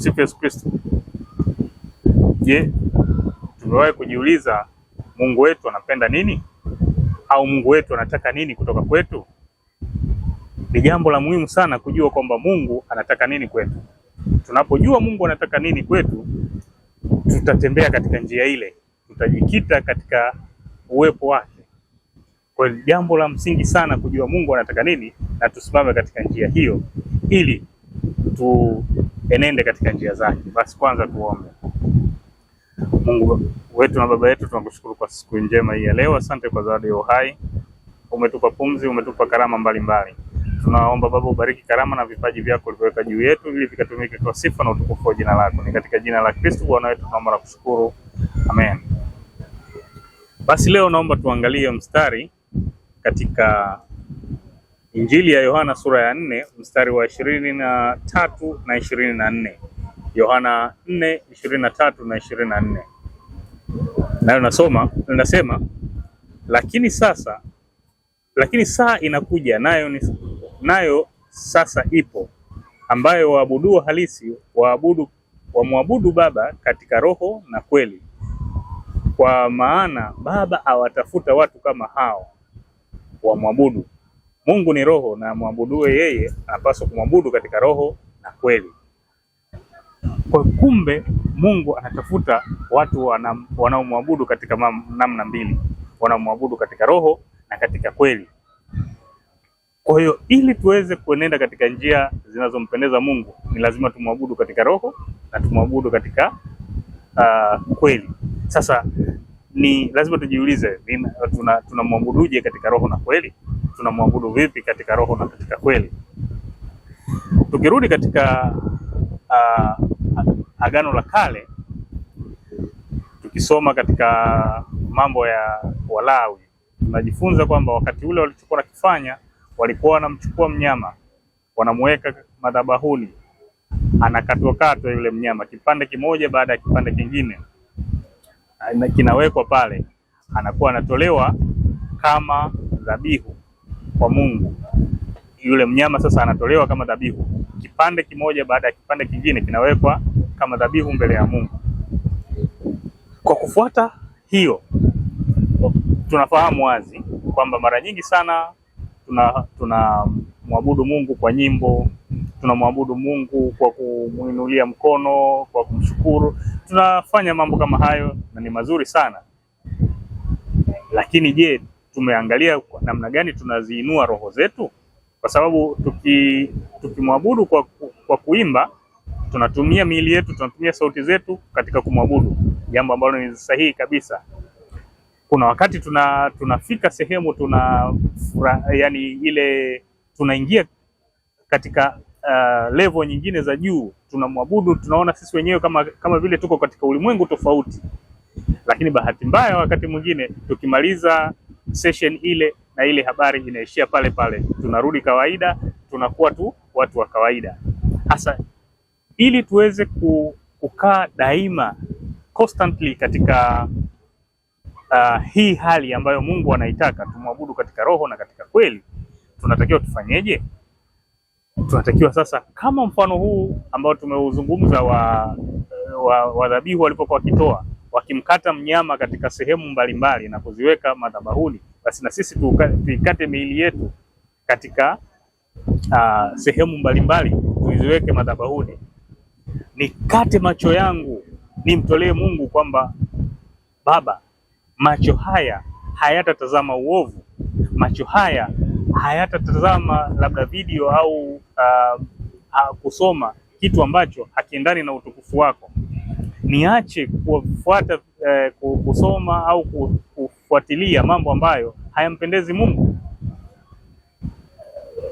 Tumsifu Yesu Kristo. Je, tumewahi kujiuliza Mungu wetu anapenda nini au Mungu wetu anataka nini kutoka kwetu? Ni jambo la muhimu sana kujua kwamba Mungu anataka nini kwetu. Tunapojua Mungu anataka nini kwetu, tutatembea katika njia ile, tutajikita katika uwepo wake. Kwa hiyo jambo la msingi sana kujua Mungu anataka nini na tusimame katika njia hiyo ili tu enende katika njia zake. Basi kwanza tuombe. Mungu wetu na baba yetu, tunakushukuru kwa siku njema hii ya leo. Asante kwa zawadi ya uhai, umetupa pumzi, umetupa karama mbalimbali Tunaomba Baba ubariki karama na vipaji vyako ulivyoweka juu yetu, ili vikatumike kwa sifa na utukufu wa jina lako. Ni katika jina la Kristo Bwana wetu tunaomba na kushukuru, amen. Basi leo naomba tuangalie mstari katika Injili ya Yohana sura ya nne mstari wa ishirini na tatu na ishirini na nne Yohana nne ishirini na tatu na ishirini na nne nayo nasoma, nasema lakini sasa, lakini saa inakuja nayo, ni, nayo sasa ipo ambayo waabuduo halisi waabudu wamwabudu Baba katika roho na kweli, kwa maana Baba awatafuta watu kama hao wamwabudu Mungu ni roho na mwabudue yeye anapaswa kumwabudu katika roho na kweli. Kwa kumbe, Mungu anatafuta watu wanaomwabudu katika namna mbili, wanaomwabudu katika roho na katika kweli. Kwa hiyo ili tuweze kuenenda katika njia zinazompendeza Mungu ni lazima tumwabudu katika roho na tumwabudu katika uh, kweli. Sasa ni lazima tujiulize, tunamwabuduje tuna katika roho na kweli? tunamwabudu vipi katika roho na katika kweli. Tukirudi katika uh, Agano la Kale, tukisoma katika mambo ya Walawi tunajifunza kwamba wakati ule walichokuwa nakifanya, walikuwa wanamchukua mnyama wanamuweka madhabahuni, anakatwakatwa yule mnyama kipande kimoja baada ya kipande kingine kinawekwa pale, anakuwa anatolewa kama dhabihu kwa Mungu. Yule mnyama sasa anatolewa kama dhabihu, kipande kimoja baada ya kipande kingine kinawekwa kama dhabihu mbele ya Mungu. Kwa kufuata hiyo, tunafahamu wazi kwamba mara nyingi sana tuna tunamwabudu Mungu kwa nyimbo, tunamwabudu Mungu kwa kumwinulia mkono, kwa kumshukuru. Tunafanya mambo kama hayo na ni mazuri sana, lakini je, tumeangalia namna gani tunaziinua roho zetu, kwa sababu tukimwabudu tuki kwa, kwa kuimba tunatumia miili yetu, tunatumia sauti zetu katika kumwabudu, jambo ambalo ni sahihi kabisa. Kuna wakati tuna tunafika sehemu tuna fura, yani ile tunaingia katika uh, level nyingine za juu, tunamwabudu, tunaona sisi wenyewe kama kama vile tuko katika ulimwengu tofauti. Lakini bahati mbaya, wakati mwingine tukimaliza session ile na ile habari inaishia pale pale, tunarudi kawaida, tunakuwa tu watu wa kawaida. Hasa ili tuweze kukaa daima constantly katika uh, hii hali ambayo Mungu anaitaka tumwabudu katika roho na katika kweli, tunatakiwa tufanyeje? Tunatakiwa sasa, kama mfano huu ambao tumeuzungumza wa wadhabihu wa walipokuwa wakitoa wakimkata mnyama katika sehemu mbalimbali na kuziweka madhabahuni, basi na sisi tuikate miili yetu katika uh, sehemu mbalimbali tuiziweke madhabahuni. Nikate macho yangu nimtolee Mungu kwamba Baba, macho haya hayatatazama uovu, macho haya hayatatazama labda video au uh, uh, kusoma kitu ambacho hakiendani na utukufu wako niache kufuata eh, kusoma au kufuatilia mambo ambayo hayampendezi Mungu.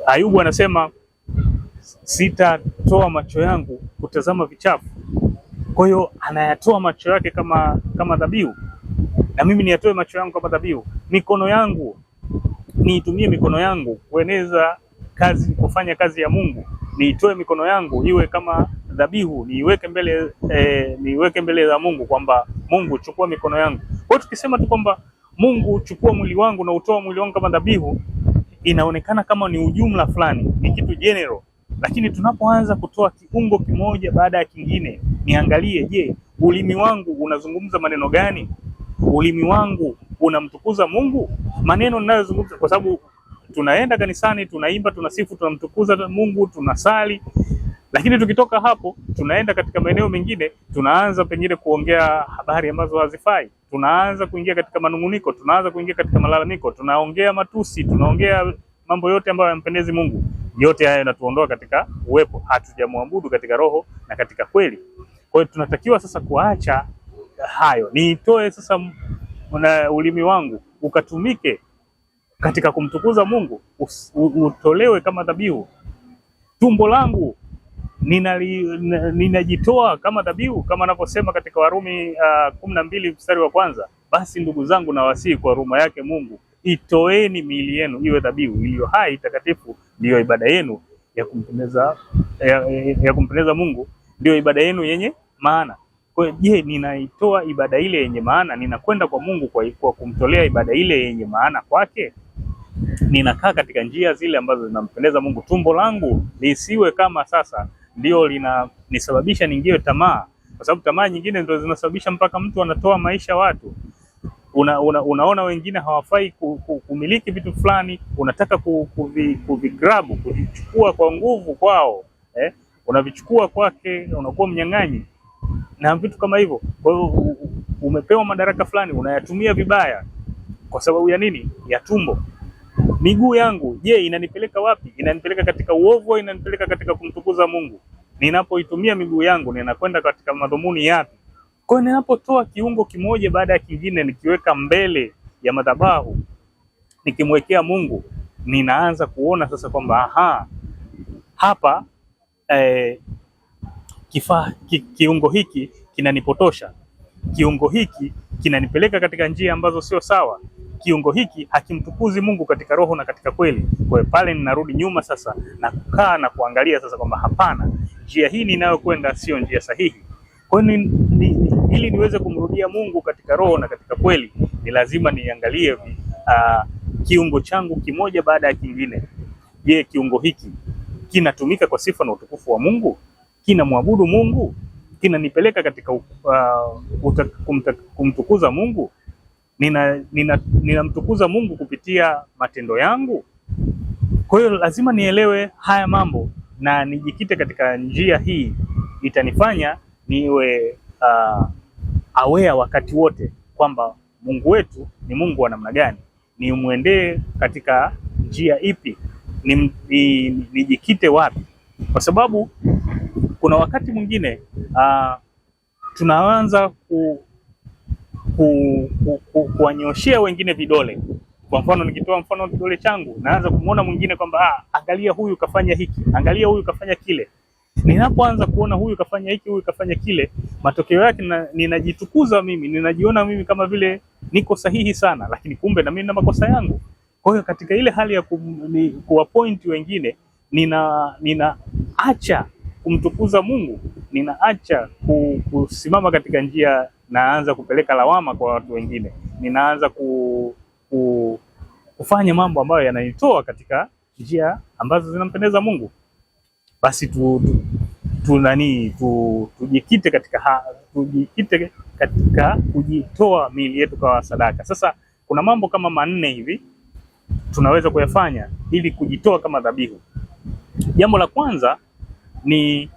Ayubu anasema sitatoa macho yangu kutazama vichafu. Kwa hiyo anayatoa macho yake kama kama dhabihu, na mimi niyatoe macho yangu kama dhabihu. Mikono yangu niitumie mikono yangu kueneza kazi, kufanya kazi ya Mungu. Niitoe mikono yangu iwe kama dhabihu niiweke mbele e, niiweke mbele za Mungu kwamba Mungu chukua mikono yangu. Kwa hiyo tukisema tu kwamba Mungu chukua mwili wangu na utoa mwili wangu kama dhabihu, inaonekana kama ni ujumla fulani, ni kitu general, lakini tunapoanza kutoa kiungo kimoja baada ya kingine, niangalie, je, ulimi wangu unazungumza maneno gani? Ulimi wangu unamtukuza Mungu maneno ninayozungumza? Kwa sababu tunaenda kanisani, tunaimba, tunasifu, tunamtukuza Mungu, tunasali, lakini tukitoka hapo tunaenda katika maeneo mengine, tunaanza pengine kuongea habari ambazo hazifai, tunaanza kuingia katika manunguniko, tunaanza kuingia katika malalamiko, tunaongea matusi, tunaongea mambo yote ambayo yampendezi Mungu. Yote haya yanatuondoa katika uwepo, hatujamwabudu katika roho na katika kweli. Kwa hiyo tunatakiwa sasa kuacha hayo, niitoe sasa na ulimi wangu ukatumike katika kumtukuza Mungu, utolewe kama dhabihu, tumbo langu ninajitoa kama dhabihu kama anavyosema katika Warumi uh, kumi na mbili mstari wa kwanza, basi ndugu zangu nawasihi kwa huruma yake Mungu itoeni miili yenu iwe dhabihu iliyo hai takatifu, ndiyo ibada yenu ya kumpendeza, ya, ya kumpendeza Mungu, ndiyo ibada yenu yenye maana. Kwa hiyo je, ninaitoa ibada ile yenye maana? Ninakwenda kwa Mungu kwa, kwa kumtolea ibada ile yenye maana kwake? Ninakaa katika njia zile ambazo zinampendeza Mungu? Tumbo langu lisiwe kama sasa ndio linanisababisha ningiwe tamaa, kwa sababu tamaa nyingine ndio zinasababisha mpaka mtu anatoa maisha watu. Una, una, unaona wengine hawafai kumiliki vitu fulani, unataka kuvigrabu kuvichukua kwa nguvu kwao eh? Unavichukua kwake, unakuwa mnyang'anyi na vitu kama hivyo. Kwa hiyo umepewa madaraka fulani unayatumia vibaya, kwa sababu ya nini? Ya tumbo miguu yangu, je, inanipeleka wapi? Inanipeleka katika uovu au inanipeleka katika kumtukuza Mungu? Ninapoitumia miguu yangu ninakwenda katika madhumuni yapi? Kwa hiyo ninapotoa kiungo kimoja baada ya kingine nikiweka mbele ya madhabahu nikimwekea Mungu, ninaanza kuona sasa kwamba aha, hapa eh, kifaa ki, kiungo hiki kinanipotosha, kiungo hiki kinanipeleka katika njia ambazo sio sawa kiungo hiki hakimtukuzi Mungu katika roho na katika kweli. Kwa hiyo pale ninarudi nyuma sasa na kukaa na kuangalia sasa kwamba hapana, njia hii ninayokwenda sio njia sahihi. Kwa hiyo ni, ni, ni, ili niweze kumrudia Mungu katika roho na katika kweli ni lazima niangalie uh, kiungo changu kimoja baada ya kingine. Je, kiungo hiki kinatumika kwa sifa na utukufu wa Mungu? Kinamwabudu Mungu? Kinanipeleka katika uh, kumtukuza Mungu? ninamtukuza nina, nina Mungu kupitia matendo yangu? Kwa hiyo lazima nielewe haya mambo na nijikite katika njia hii, itanifanya niwe uh, aware wakati wote kwamba Mungu wetu ni Mungu wa namna gani, nimwendee katika njia ipi, ni, nijikite wapi, kwa sababu kuna wakati mwingine uh, tunaanza ku ku, ku, ku, kuwanyoshea wengine vidole. Kwa mfano nikitoa mfano kidole changu, naanza kumwona mwingine kwamba ah, angalia huyu kafanya hiki, angalia huyu kafanya kile. Ninapoanza kuona huyu kafanya hiki, huyu kafanya kile, matokeo yake ninajitukuza mimi, ninajiona mimi kama vile niko sahihi sana, lakini kumbe na mimi na makosa yangu. Kwa hiyo katika ile hali ya kuwapoint wengine, nina ninaacha kumtukuza Mungu, ninaacha kusimama katika njia naanza kupeleka lawama kwa watu wengine, ninaanza ku, ku, kufanya mambo ambayo yananitoa katika njia ambazo zinampendeza Mungu, basi tu, tu, tu nani tu, tujikite katika ha, tujikite katika kujitoa miili yetu kwa sadaka. Sasa kuna mambo kama manne hivi tunaweza kuyafanya ili kujitoa kama dhabihu. Jambo la kwanza ni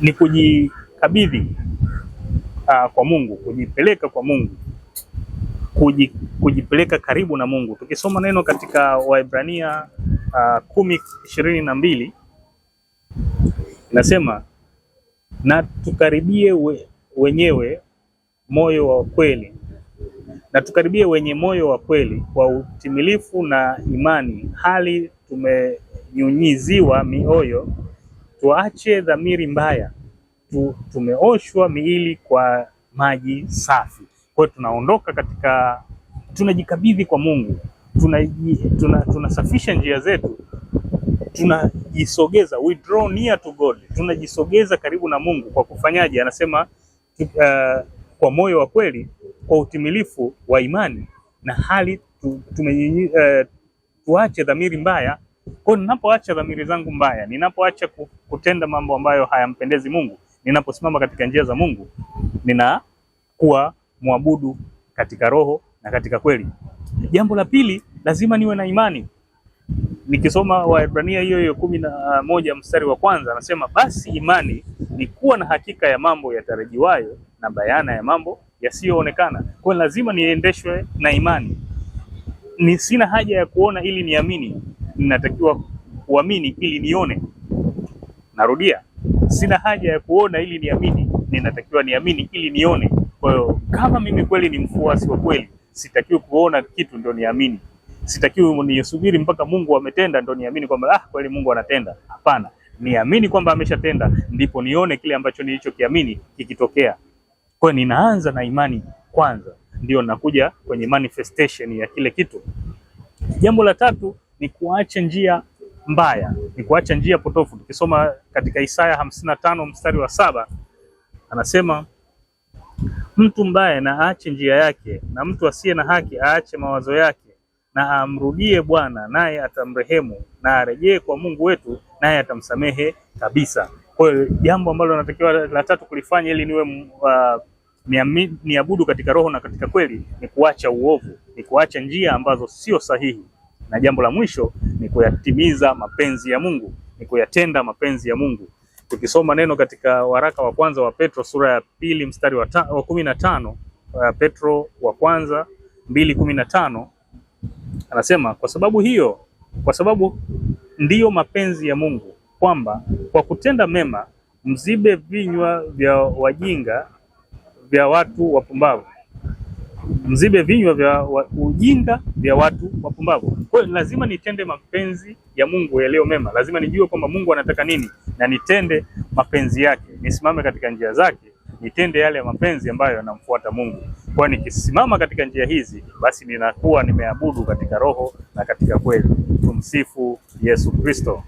ni kujikabidhi uh, kwa Mungu, kujipeleka kwa Mungu, kujipeleka karibu na Mungu. Tukisoma neno katika Waebrania uh, kumi ishirini na mbili inasema na tukaribie we, wenyewe moyo wa kweli na tukaribie wenye moyo wa kweli kwa utimilifu na imani, hali tumenyunyiziwa mioyo, tuache dhamiri mbaya zetu tumeoshwa miili kwa maji safi. Kwa hiyo tunaondoka katika, tunajikabidhi kwa Mungu, tunasafisha tuna, tuna njia zetu, tunajisogeza, we draw near to God, tunajisogeza karibu na Mungu kwa kufanyaje? Anasema uh, kwa moyo wa kweli, kwa utimilifu wa imani na hali tu, tume, uh, tuache dhamiri mbaya. Kwa hiyo ninapoacha dhamiri zangu mbaya, ninapoacha kutenda mambo ambayo hayampendezi Mungu Ninaposimama katika njia za Mungu, ninakuwa mwabudu katika roho na katika kweli. Jambo la pili, lazima niwe na imani. Nikisoma Waebrania hiyo hiyo kumi na moja mstari wa kwanza anasema, basi imani ni kuwa na hakika ya mambo yatarajiwayo na bayana ya mambo yasiyoonekana. Kwa hiyo lazima niendeshwe na imani. Ni sina haja ya kuona ili niamini, ninatakiwa kuamini ili nione. Narudia, sina haja ya kuona ili niamini, ninatakiwa niamini ili nione. Kwa hiyo kama mimi kweli ni mfuasi wa kweli, sitakiwi kuona kitu ndo niamini, sitakiwi nisubiri mpaka Mungu ametenda ndo niamini kwamba ah, kweli Mungu anatenda. Hapana, niamini kwamba ameshatenda, ndipo nione kile ambacho nilichokiamini kikitokea. Kwa hiyo ninaanza na imani kwanza, ndio nakuja kwenye manifestation ya kile kitu. Jambo la tatu ni kuacha njia mbaya, ni kuacha njia potofu. Tukisoma katika Isaya hamsini na tano mstari wa saba anasema mtu mbaya na aache njia yake, na mtu asiye na haki aache mawazo yake, na amrudie Bwana naye atamrehemu, na arejee kwa Mungu wetu naye atamsamehe kabisa. Kwa hiyo jambo ambalo natakiwa la tatu kulifanya ili niwe uh, niabudu katika roho na katika kweli, ni kuacha uovu, ni kuacha njia ambazo sio sahihi. Na jambo la mwisho ni kuyatimiza mapenzi ya Mungu, ni kuyatenda mapenzi ya Mungu. Tukisoma neno katika waraka wa kwanza wa Petro sura ya pili mstari wa, wa kumi na tano uh, Petro wa kwanza mbili kumi na tano anasema kwa sababu hiyo, kwa sababu ndiyo mapenzi ya Mungu kwamba kwa kutenda mema mzibe vinywa vya wajinga vya watu wapumbavu mzibe vinywa vya ujinga vya watu wapumbavu. Kwa hiyo lazima nitende mapenzi ya Mungu yaliyo mema, lazima nijue kwamba Mungu anataka nini na nitende mapenzi yake, nisimame katika njia zake, nitende yale mapenzi ambayo yanamfuata Mungu. Kwa hiyo nikisimama katika njia hizi, basi ninakuwa nimeabudu katika roho na katika kweli. Tumsifu Yesu Kristo.